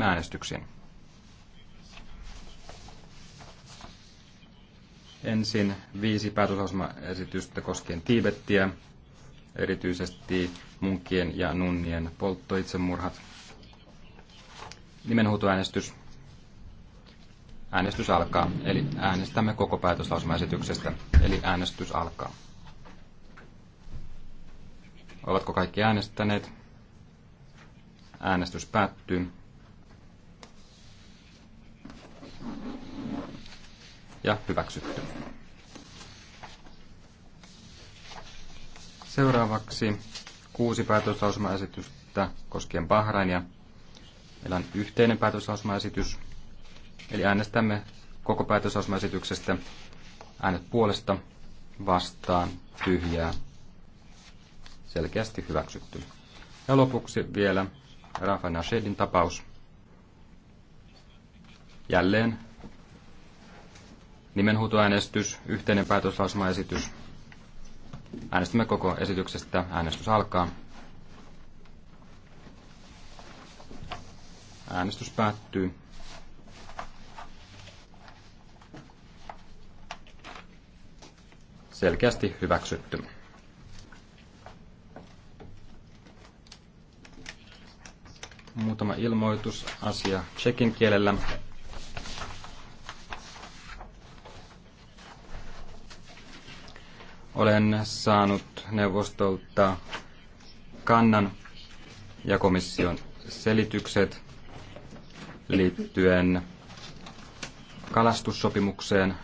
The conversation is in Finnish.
siirrymme äänestyksiin. Ensin viisi päätösosmaesitystä koskien Tiibettiä, erityisesti munkien ja nunnien polttoitsemurhat. Nimenhuutoäänestys. Äänestys alkaa, eli äänestämme koko päätöslausumaesityksestä, eli äänestys alkaa. Ovatko kaikki äänestäneet? Äänestys päättyy. ja hyväksytty. Seuraavaksi kuusi päätöslausumaesitystä koskien Bahrainia. Meillä on yhteinen päätöslausumaesitys, eli äänestämme koko päätöslausumaesityksestä äänet puolesta vastaan tyhjää selkeästi hyväksytty. Ja lopuksi vielä Rafa Nashedin tapaus. Jälleen Nimenhuutoäänestys, yhteinen päätöslausumaesitys. Äänestämme koko esityksestä. Äänestys alkaa. Äänestys päättyy. Selkeästi hyväksytty. Muutama ilmoitusasia Tsekin kielellä. Olen saanut neuvostolta kannan ja komission selitykset liittyen kalastussopimukseen